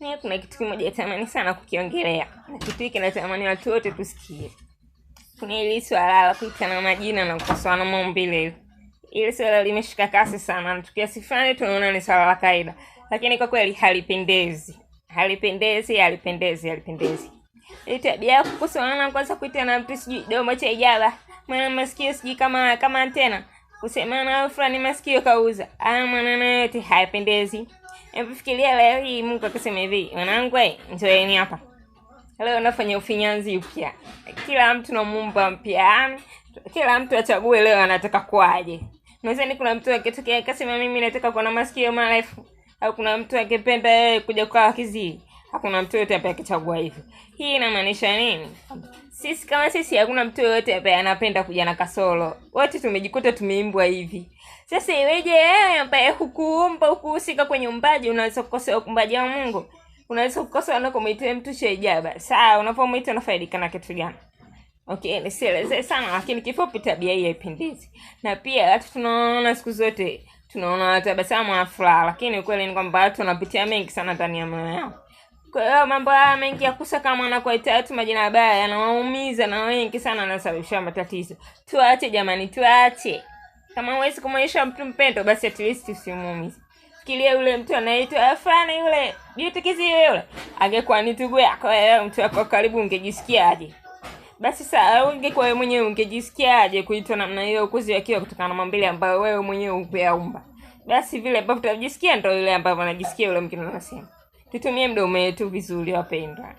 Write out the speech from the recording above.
Leo kuna kitu kimoja tamani sana kukiongelea, kitu hiki natamani watu wote tusikie. Kuna ile swala la kuitana majina na kukosoana maumbile. ile swala limeshika kasi sana, na tukiasifani tunaona ni swala la kaida, lakini kwa kweli halipendezi, halipendezi, halipendezi, halipendezi. Ile tabia ya kukosoana na kuanza kuitana mtu sijui domo cha ijaba, mwana masikio sijui kama kama antena, kusemana fulani masikio kauza, ah, maneno yote hayapendezi mfikiria fikiria leo hii Mungu akasema hivi, mwanangu, njoeni hapa leo, nafanya ufinyanzi upya. Kila mtu namuumba mpya, yaani, kila mtu achague leo anataka kuwaje. Nawezani kuna mtu akitokea akasema mimi nataka kuwa na masikio marefu, au kuna mtu akipenda yeye kuja kwa kizii hakuna mtu yoyote ambaye akichagua hivyo. Hii inamaanisha nini? Sisi kama sisi, hakuna mtu yoyote ambaye anapenda kuja na kasoro. Wote tumejikuta tumeimbwa hivi. Sasa iweje wewe ambaye hukuumba, hukuhusika kwenye umbaji, unaweza kukosoa umbaji wa Mungu? Unaweza na unakomwitia mtu shaijaba, sawa? unapomuita unafaidika na kitu gani? Okay, nisielezee sana lakini kifupi, tabia hii haipendezi, na pia watu tunaona siku zote tunaona tabasamu na furaha, lakini ukweli ni kwamba watu wanapitia mengi sana ndani ya moyo wao. Kwa hiyo mambo haya mengi ya kusaka mwana kwa tatu majina mabaya yanawaumiza na wengi sana wanasababisha matatizo. Tuache jamani, tuache. Kama huwezi kumwonyesha mtu mpendo, basi at least usimuumize. Fikiria yule mtu anaitwa Afana yule, Beauty yule. Angekuwa ni tugu yako wewe, mtu wako karibu, ungejisikiaje? Basi saa ungekuwa wewe mwenyewe ungejisikiaje kuitwa namna hiyo, ukuzi akiwa kutokana na mambili ambayo wewe mwenyewe umeyaumba? Basi vile ambavyo tunajisikia ndio ile ambavyo anajisikia yule mtu anasema tutumie mdomo yetu vizuri wapendwa